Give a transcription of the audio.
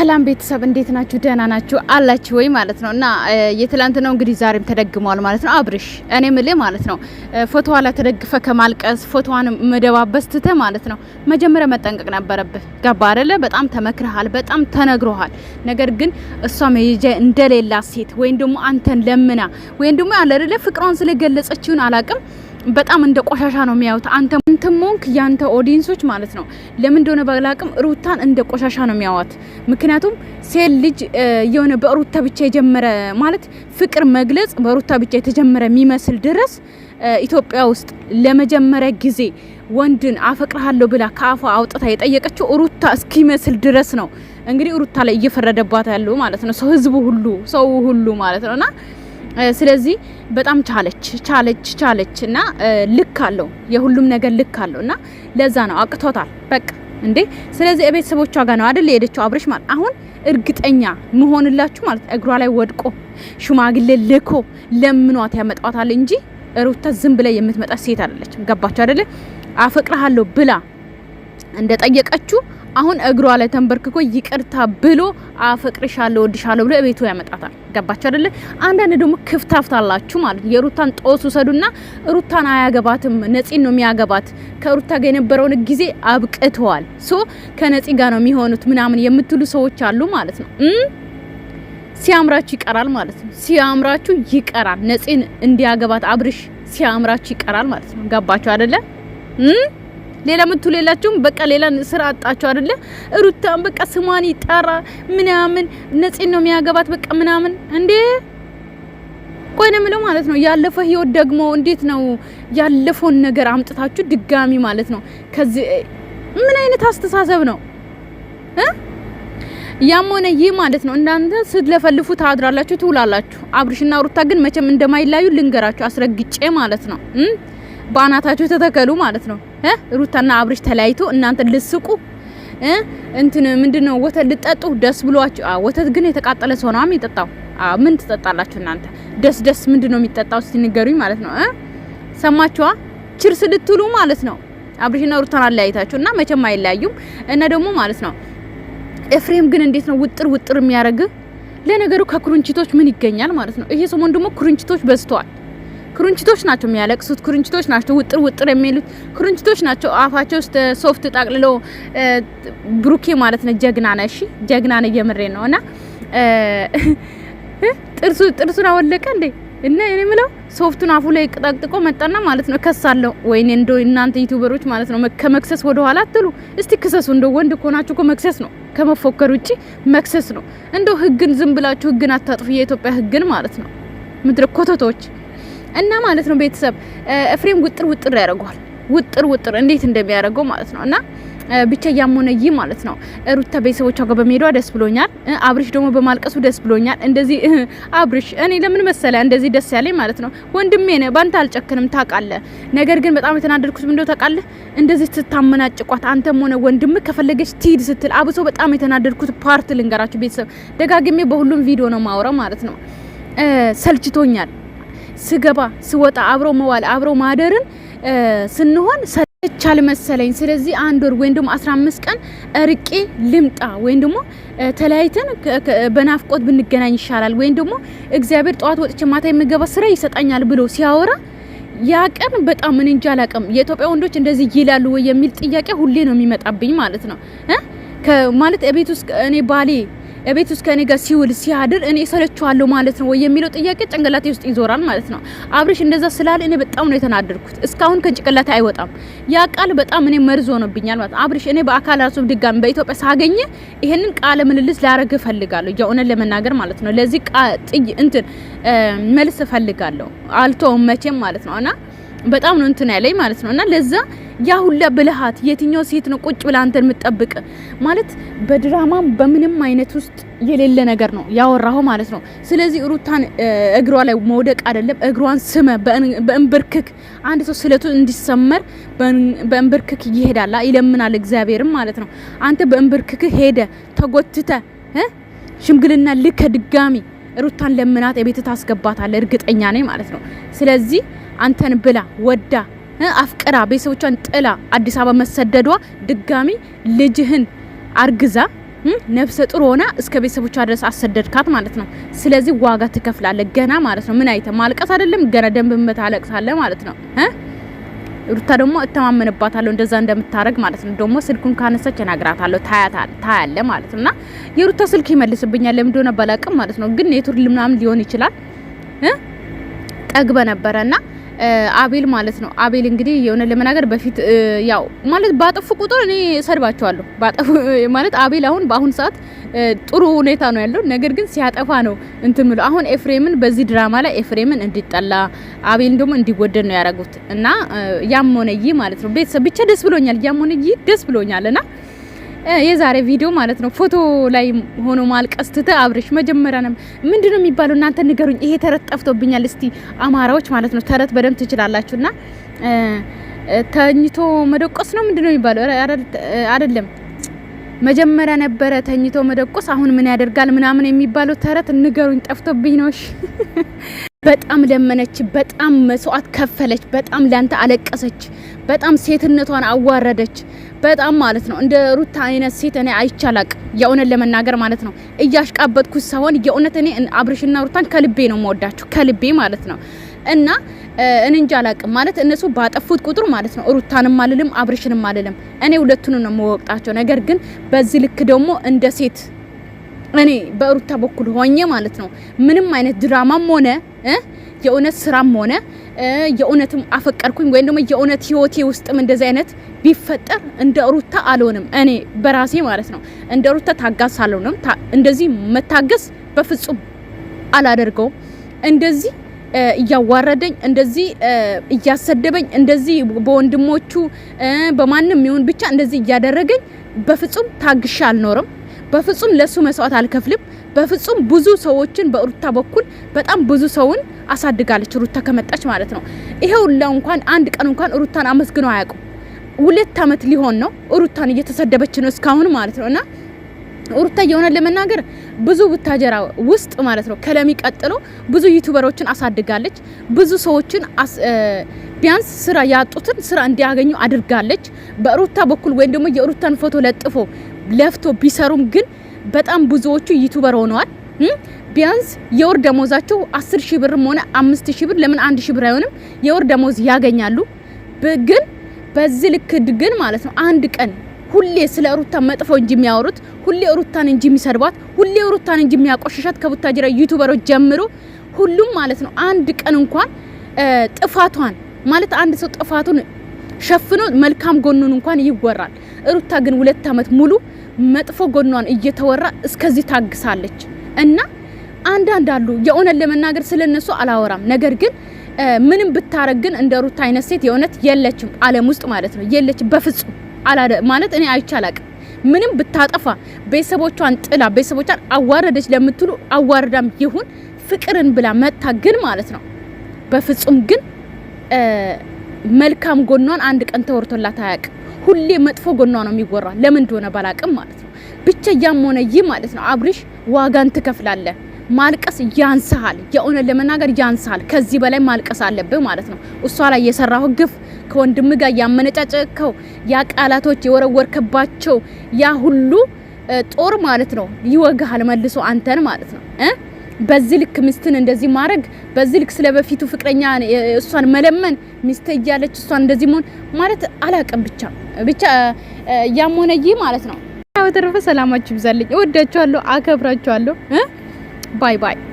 ሰላም ቤተሰብ እንዴት ናችሁ? ደህና ናችሁ አላችሁ ወይ ማለት ነው። እና የትላንት ነው እንግዲህ ዛሬም ተደግመዋል ማለት ነው። አብርሽ እኔ ምልህ ማለት ነው ፎቶ ላይ ተደግፈ ከማልቀስ ፎቶዋን መደባበስ ትተህ ማለት ነው መጀመሪያ መጠንቀቅ ነበረብህ። ገባ አይደለ? በጣም ተመክረሃል፣ በጣም ተነግሮሃል። ነገር ግን እሷ መሄጃ እንደሌላ ሴት ወይም ደግሞ አንተን ለምና ወይም ደግሞ ያለ አይደለ ፍቅሯን ስለገለጸችውን አላቅም በጣም እንደ ቆሻሻ ነው የሚያዩት። አንተ ምንትም ሞንክ ያንተ ኦዲየንሶች ማለት ነው። ለምን እንደሆነ ባላቅም ሩታን እንደ ቆሻሻ ነው የሚያዋት። ምክንያቱም ሴት ልጅ የሆነ በሩታ ብቻ የጀመረ ማለት ፍቅር መግለጽ በሩታ ብቻ የተጀመረ የሚመስል ድረስ ኢትዮጵያ ውስጥ ለመጀመሪያ ጊዜ ወንድን አፈቅርሃለሁ ብላ ከአፏ አውጥታ የጠየቀችው ሩታ እስኪመስል ድረስ ነው። እንግዲህ ሩታ ላይ እየፈረደባት ያለው ማለት ነው ሰው ህዝቡ ሁሉ ሰው ሁሉ ማለት ነውና ስለዚህ በጣም ቻለች ቻለች ቻለች እና ልክ አለው የሁሉም ነገር ልክ አለው እና ለዛ ነው አቅቶታል። በቃ እንዴ ስለዚህ ቤተሰቦቿ ጋር ነው አይደል የሄደችው አብረሽ ማለት አሁን እርግጠኛ መሆንላችሁ ማለት እግሯ ላይ ወድቆ ሽማግሌ ልኮ ለምኗት ያመጣዋታል እንጂ ሩታ ዝም ብላ የምትመጣ ሴት አይደለች ገባችሁ አይደለ? አፈቅርሃለሁ ብላ እንደጠየቀችው አሁን እግሯ ላይ ተንበርክኮ ይቅርታ ብሎ አፈቅርሻለሁ፣ ወድሻለሁ ብሎ ቤቱ ያመጣታል። ገባችሁ አይደለ? አንዳንድ ደግሞ ክፍታፍት አላችሁ ማለት ነው። የሩታን ጦስ ውሰዱና ሩታን አያገባትም፣ ነፂን ነው የሚያገባት፣ ከሩታ ጋር የነበረውን ጊዜ አብቅተዋል፣ ሶ ከነፂ ጋር ነው የሚሆኑት ምናምን የምትሉ ሰዎች አሉ ማለት ነው። ሲያምራችሁ ይቀራል ማለት ነው። ሲያምራችሁ ይቀራል። ነፂን እንዲያገባት አብርሽ ሲያምራችሁ ይቀራል ማለት ነው። ገባችሁ አይደለ? ሌላ ምንቱ ሌላችሁም በቃ ሌላ ስራ አጣችሁ አይደለ? ሩታም በቃ ስሟን ይጠራ ምናምን ነፂን ነው የሚያገባት በቃ ምናምን እንዴ ቆይ ነው የምለው ማለት ነው። ያለፈ ህይወት ደግሞ እንዴት ነው ያለፈውን ነገር አምጥታችሁ ድጋሚ ማለት ነው። ከዚህ ምን አይነት አስተሳሰብ ነው እ ያም ሆነ ይህ ማለት ነው እናንተ ስትለፈልፉ ታድራላችሁ፣ ትውላላችሁ። አብርሽና ሩታ ግን መቼም እንደማይላዩ ልንገራችሁ አስረግጬ ማለት ነው። በአናታችሁ ተተከሉ ማለት ነው። ሩታና አብርሽ ተለያይቶ እናንተ ልስቁ እንትን ምንድነው ወተት ልጠጡ ደስ ብሏችሁ። ወተት ግን የተቃጠለ ሰው ነው የሚጠጣው። ምን ትጠጣላችሁ እናንተ? ደስ ደስ ምንድነው የሚጠጣው? እስቲ ማለት ነው። ሰማችኋ? ችርስ ልትሉ ማለት ነው። አብርሽና ሩታን አለያይታችሁ እና መቼም አይለያዩም። እና ደግሞ ማለት ነው ኤፍሬም ግን እንዴት ነው ውጥር ውጥር የሚያደርግ ለነገሩ ከኩርንችቶች ምን ይገኛል ማለት ነው። ይሄ ሰሞን ደግሞ ኩርንችቶች በዝተዋል። ክርንችቶች ናቸው የሚያለቅሱት። ክርንችቶች ናቸው ውጥር ውጥር የሚሉት። ክርንችቶች ናቸው አፋቸው ውስጥ ሶፍት ጠቅልለው። ብሩኬ ማለት ነው ጀግና ነ እሺ ጀግና ነ የምሬ ነው። እና ጥርሱ ጥርሱን አወለቀ እንዴ እና እኔ ምለው ሶፍቱን አፉ ላይ ቅጠቅጥቆ መጣና ማለት ነው ከሳለው። ወይኔ እንዶ እናንተ ዩቲዩበሮች ማለት ነው ከመክሰስ ወደ ኋላ አትሉ። እስቲ ክሰሱ። እንደ ወንድ ከሆናችሁ እኮ መክሰስ ነው ከመፎከር ውጪ መክሰስ ነው። እንዶ ህግን ዝም ብላችሁ ህግን አታጥፉ። የኢትዮጵያ ህግን ማለት ነው ምድረ ኮተቶች እና ማለት ነው ቤተሰብ ኤፍሬም ውጥር ውጥር ያደርገዋል። ውጥር ውጥር እንዴት እንደሚያደርገው ማለት ነው እና ብቻ ያሞነይ ማለት ነው። ሩታ ቤተሰቦቿ ጋር በመሄዷ ደስ ብሎኛል። አብርሽ ደግሞ በማልቀሱ ደስ ብሎኛል። እንደዚህ አብርሽ እኔ ለምን መሰለ እንደዚህ ደስ ያለኝ ማለት ነው። ወንድሜ ነህ፣ ባንተ አልጨክንም ታውቃለህ። ነገር ግን በጣም የተናደድኩት ምንድነው ታውቃለህ? እንደዚህ ስታመናጭቋት አንተም ሆነ ወንድም ከፈለገች ትሂድ ስትል አብሶ በጣም የተናደድኩት ፓርት ልንገራችሁ ቤተሰብ። ደጋግሜ በሁሉም ቪዲዮ ነው ማውራ ማለት ነው። ሰልችቶኛል ስገባ ስወጣ አብሮ መዋል አብሮ ማደርን ስንሆን ሰለቻል መሰለኝ። ስለዚህ አንድ ወር ወይም ደግሞ 15 ቀን እርቄ ልምጣ ወይም ደግሞ ተለያይተን በናፍቆት ብንገናኝ ይሻላል ወይም ደግሞ እግዚአብሔር ጠዋት ወጥቼ ማታ የምገባ ስራ ይሰጠኛል ብሎ ሲያወራ ያ ቀን በጣም ምን እንጃ አላቅም። የኢትዮጵያ ወንዶች እንደዚህ ይላሉ ወይ የሚል ጥያቄ ሁሌ ነው የሚመጣብኝ ማለት ነው ማለት ቤት ውስጥ እኔ ባሌ ቤት ውስጥ ከኔ ጋር ሲውል ሲያድር እኔ ሰለችዋለሁ ማለት ነው ወይ የሚለው ጥያቄ ጭንቅላቴ ውስጥ ይዞራል ማለት ነው። አብርሽ እንደዛ ስላለ እኔ በጣም ነው የተናደድኩት። እስካሁን ከጭንቅላቴ አይወጣም ያ ቃል በጣም እኔ መርዞ ሆኖብኛል ማለት አብርሽ እኔ በአካል ራሱ ድጋሚ በኢትዮጵያ ሳገኘ ይሄንን ቃለ ምልልስ ላረግ እፈልጋለሁ የእውነት ለመናገር ማለት ነው። ለዚህ ቃ ጥይ እንትን መልስ እፈልጋለሁ አልቶ መቼም ማለት ነው እና በጣም ነው እንትን ያለኝ ማለት ነው። እና ለዛ ያ ሁላ ብልሃት የትኛው ሴት ነው ቁጭ ብላ አንተን የምትጠብቅ ማለት በድራማ በምንም አይነት ውስጥ የሌለ ነገር ነው ያወራኸው ማለት ነው። ስለዚህ ሩታን እግሯ ላይ መውደቅ አይደለም፣ እግሯን ስመ በእንብርክክ አንድ ሰው ስለቱ እንዲሰመር በእንብርክክ ይሄዳላ ይለምናል እግዚአብሔርም ማለት ነው። አንተ በእንብርክክ ሄደ ተጎትተ ሽምግልና ልከ ድጋሚ ሩታን ለምናት የቤት ታስገባታለ፣ እርግጠኛ ነኝ ማለት ነው። ስለዚህ አንተን ብላ ወዳ አፍቅራ ቤተሰቦቿን ጥላ አዲስ አበባ መሰደዷ ድጋሚ ልጅህን አርግዛ ነፍሰ ጡር ሆና እስከ ቤተሰቦቿ ድረስ አሰደድካት ማለት ነው። ስለዚህ ዋጋ ትከፍላለ ገና ማለት ነው። ምን አይተ ማልቀስ አይደለም ገና ደንብ መታለቅሳለህ ማለት ነው። ሩታ ደግሞ እተማመንባታለሁ እንደዛ እንደምታረግ ማለት ነው። ደግሞ ስልኩን ካነሳች እነግራታለሁ ታያለ ማለት ነውና የሩታ ስልክ ይመልስብኛል ለምን እንደሆነ ባላቅም ማለት ነው። ግን ኔትወርክ ምናምን ሊሆን ይችላል ጠግበ ነበረና አቤል ማለት ነው። አቤል እንግዲህ የሆነ ለመናገር በፊት ያው ማለት ባጠፉ ቁጥር እኔ እሰድባቸዋለሁ ማለት አቤል አሁን በአሁን ሰዓት ጥሩ ሁኔታ ነው ያለው። ነገር ግን ሲያጠፋ ነው እንትን አሁን ኤፍሬምን በዚህ ድራማ ላይ ኤፍሬምን እንዲጠላ አቤልን ደግሞ እንዲወደድ ነው ያደረጉት እና ያም ሆነ ይህ ማለት ነው ቤተሰብ ብቻ ደስ ብሎኛል። ያም ሆነ ይህ ደስ ብሎኛል እና የዛሬ ቪዲዮ ማለት ነው ፎቶ ላይ ሆኖ ማልቀስ ትተህ አብርሽ መጀመሪያ ነው ምንድነው የሚባለው? እናንተ ንገሩኝ። ይሄ ተረት ጠፍቶብኛል። እስቲ አማራዎች ማለት ነው ተረት በደንብ ትችላላችሁና ተኝቶ መደቆስ ነው ምንድነው የሚባለው? አይደለም መጀመሪያ ነበረ ተኝቶ መደቆስ፣ አሁን ምን ያደርጋል ምናምን የሚባለው ተረት ንገሩኝ፣ ጠፍቶብኝ ነው። እሺ በጣም ለመነች፣ በጣም መስዋዕት ከፈለች፣ በጣም ላንተ አለቀሰች፣ በጣም ሴትነቷን አዋረደች። በጣም ማለት ነው እንደ ሩታ አይነት ሴት እኔ አይቻላቅ የእውነት ለመናገር ማለት ነው እያሽቃበጥኩ ሳይሆን የእውነት እኔ አብርሽና ሩታን ከልቤ ነው መወዳችሁ ከልቤ ማለት ነው እና እንንጃ አላቅም ማለት እነሱ ባጠፉት ቁጥር ማለት ነው ሩታንም አልልም አብርሽንም አልልም። እኔ ሁለቱን ነው የምወቅጣቸው። ነገር ግን በዚህ ልክ ደግሞ እንደ ሴት እኔ በሩታ በኩል ሆኜ ማለት ነው ምንም አይነት ድራማም ሆነ የእውነት ስራም ሆነ የእውነትም አፈቀርኩኝ ወይም ደግሞ የእውነት ህይወቴ ውስጥም እንደዚህ አይነት ቢፈጠር እንደ ሩታ አልሆንም። እኔ በራሴ ማለት ነው እንደ ሩታ ታጋስ አልሆንም። እንደዚህ መታገስ በፍጹም አላደርገውም እንደዚህ እያዋረደኝ እንደዚህ እያሰደበኝ እንደዚህ በወንድሞቹ በማንም ይሁን ብቻ እንደዚህ እያደረገኝ በፍጹም ታግሻ አልኖርም። በፍጹም ለሱ መስዋዕት አልከፍልም። በፍጹም ብዙ ሰዎችን በሩታ በኩል በጣም ብዙ ሰውን አሳድጋለች ሩታ ከመጣች ማለት ነው። ይሄ ሁላ እንኳን አንድ ቀን እንኳን ሩታን አመስግነው አያውቁም። ሁለት አመት ሊሆን ነው ሩታን እየተሰደበች ነው እስካሁን ማለት ነው እና ሩታ የሆነ ለመናገር ብዙ ቡታጀራ ውስጥ ማለት ነው ከለሚ ቀጥሎ ብዙ ዩቲዩበሮችን አሳድጋለች። ብዙ ሰዎችን ቢያንስ ስራ ያጡትን ስራ እንዲያገኙ አድርጋለች። በሩታ በኩል ወይም ደግሞ የሩታን ፎቶ ለጥፎ ለፍቶ ቢሰሩም ግን በጣም ብዙዎቹ ዩቲዩበር ሆነዋል። ቢያንስ የወር ደሞዛቸው 10 ሺህ ብርም ሆነ 5 ሺህ ብር ለምን አንድ ሺህ ብር አይሆንም? የወር ደሞዝ ያገኛሉ። ግን በዚህ ልክ ግን ማለት ነው አንድ ቀን ሁሌ ስለ ሩታ መጥፎ እንጂ የሚያወሩት ሁሌ ሩታን እንጂ የሚሰድቧት ሁሌ ሩታን እንጂ የሚያቆሸሻት ከቡታጅራ ዩቱበሮች ጀምሮ ሁሉም ማለት ነው። አንድ ቀን እንኳን ጥፋቷን ማለት አንድ ሰው ጥፋቱን ሸፍኖ መልካም ጎኑን እንኳን ይወራል። ሩታ ግን ሁለት ዓመት ሙሉ መጥፎ ጎኗን እየተወራ እስከዚህ ታግሳለች። እና አንዳንድ አሉ የእውነት ለመናገር ስለነሱ አላወራም። ነገር ግን ምንም ብታረግ ግን እንደ ሩታ አይነት ሴት የእውነት የለችም፣ ዓለም ውስጥ ማለት ነው የለችም በፍጹም። ማለት እኔ አይቻላቅ ምንም ብታጠፋ ቤተሰቦቿን ጥላ ቤተሰቦቿን አዋረደች ለምትሉ አዋርዳም ይሁን ፍቅርን ብላ መታ ግን ማለት ነው በፍጹም ግን መልካም ጎኗን አንድ ቀን ተወርቶላት አያቅ ሁሌ መጥፎ ጎኗ ነው የሚወራ። ለምን እንደሆነ ባላቅም ማለት ነው። ብቻ ያም ሆነ ይህ ማለት ነው አብርሽ ዋጋን ትከፍላለ። ማልቀስ ያንስሃል። የእውነት ለመናገር ያንስሃል። ከዚህ በላይ ማልቀስ አለብህ ማለት ነው። እሷ ላይ የሰራው ግፍ ከወንድም ጋር ያመነጫጨከው ያ ቃላቶች የወረወርከባቸው ያ ሁሉ ጦር ማለት ነው ይወጋሃል መልሶ አንተን ማለት ነው በዚህ ልክ ሚስትን እንደዚህ ማድረግ በዚህ ልክ ስለ በፊቱ ፍቅረኛ እሷን መለመን ሚስት እያለች እሷን እንደዚህ መሆን ማለት አላቅም። ብቻ ብቻ ያም ሆነ ይህ ማለት ነው። በተረፈ ሰላማችሁ ይብዛልኝ። እወዳችኋለሁ፣ አከብራችኋለሁ። Bye bye.